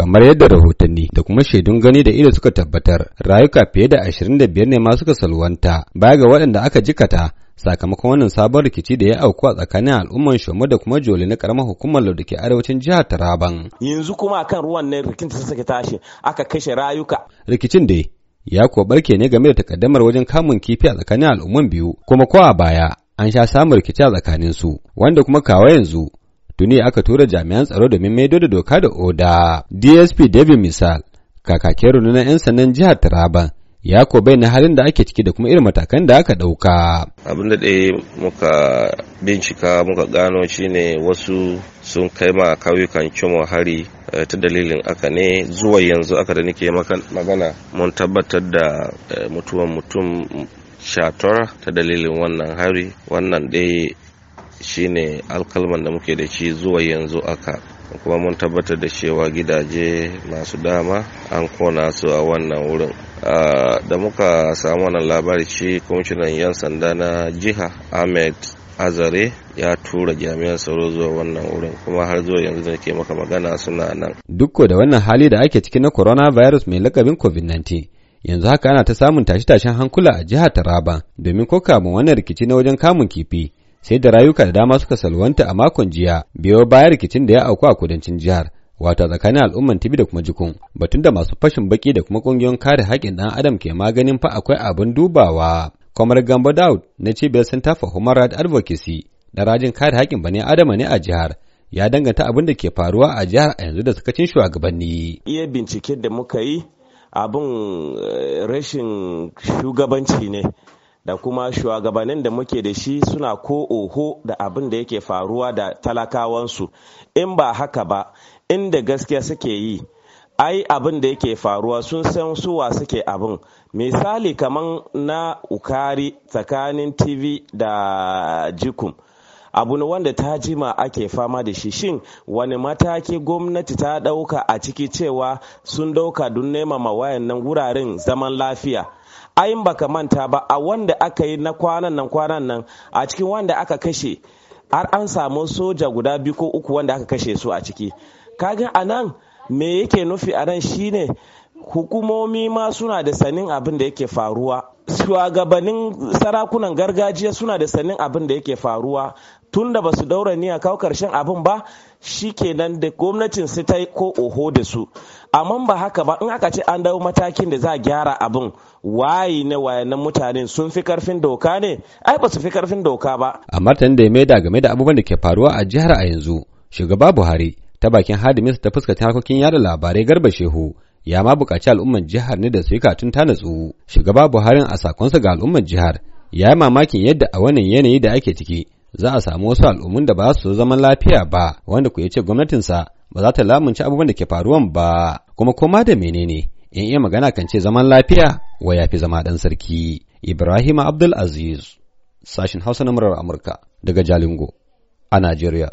kamar yadda rahotanni da kuma shaidun gani da ido suka tabbatar rayuka fiye da 25 ne ma suka salwanta baya ga waɗanda aka jikata sakamakon wannan sabon rikici da ya auku a tsakanin al'umman Shomo da kuma joli na karamar hukumar da ke arewacin jihar Taraban. Yanzu kuma akan ruwan ne rikicin ta suka tashi aka kashe rayuka. Rikicin da ya ko barke ne game da takaddamar wajen kamun kifi a tsakanin al'umman biyu kuma ko a baya an sha samun rikici a tsakanin su wanda kuma kawa yanzu tuni aka tura jami'an tsaro domin maido da doka da oda dsp david misal kakakin na 'yan sannan jihar taraban ya ko na halin da ake ciki da kuma irin matakan da aka ɗauka. abin da ɗaya muka bincika muka gano shine wasu sun kai ma kauyukan cimo hari eh, ta dalilin aka ne zuwa yanzu aka da nake magana mun tabbatar da eh, mutuwan mutum shatar ta dalilin wannan hari wannan dai shine alkalman da muke da shi zuwa yanzu aka kuma mun tabbatar da cewa gidaje masu dama an kona su a wannan wurin da muka samu wannan labari shi kwamishinan 'yan sanda na jiha ahmed azare ya tura jami'an tsaro zuwa wannan wurin kuma har zuwa yanzu da ke maka magana suna nan duk da wannan hali da ake ciki na coronavirus mai lakabin covid-19 yanzu haka ana ta samun tashe-tashen hankula a jihar taraba domin ko kamun wannan rikici na wajen kamun kifi sai da rayuka da dama suka salwanta a makon jiya biyo bayan rikicin da ya auku a kudancin jihar wato tsakanin al'umman tibi da kuma jikun batun da masu fashin baki da kuma kungiyoyin kare haƙƙin ɗan adam ke maganin fa akwai abin dubawa kamar gambo daud na cibiyar center for human rights advocacy da rajin kare haƙƙin bani adama ne a jihar ya danganta abin da ke faruwa a jihar a yanzu da sakacin shugabanni iya bincike da muka yi abin eh, rashin shugabanci ne da kuma shugabannin da muke da shi suna ko oho da abin da yake faruwa da talakawansu in ba haka ba inda gaskiya suke yi ai abin da yake faruwa sun san suwa suke abin misali kamar na ukari tsakanin tv da jikum abu ne wanda ta jima ake fama da shi shin wani mataki gwamnati ta ɗauka a ciki cewa sun ɗauka don nema ma wayannan wuraren zaman lafiya ai baka manta ba a wanda aka yi na kwanan nan kwanan nan a cikin wanda aka kashe har an samu soja guda biyu ko uku wanda aka kashe su a ciki kaga a nan me yake nufi a nan shine hukumomi ma suna da sanin abin da yake faruwa shugabannin sarakunan gargajiya suna da sanin abin da yake faruwa tunda ba su daura niyya kawo karshen abin ba shi shikenan da gwamnatin su ta yi ko oho da su amma ba haka ba in aka ce an dawo matakin da za a gyara abin waye na wayannan mutanen sun fi karfin doka ne ai ba su fi karfin doka ba a martanin da ya maida game da abubuwan da ke faruwa a jihar a yanzu shugaba buhari ta bakin hadimin ta fuskantar harkokin yada labarai garba shehu ya ma buƙaci al'umman jihar ne da su yi katun ta natsu shugaba buharin a sakonsa ga al'ummar jihar ya yi mamakin yadda a wannan yanayi da ake ciki za a samu wasu al'ummun da ba su zaman lafiya ba wanda ku ya ce gwamnatinsa ba za ta lamunci abubuwan da ke faruwan ba kuma koma da menene in iya magana kan ce zaman lafiya wa ya fi zama 'dan sarki ibrahim Abdulaziz aziz sashin hausa na murar amurka daga jalingo a najeriya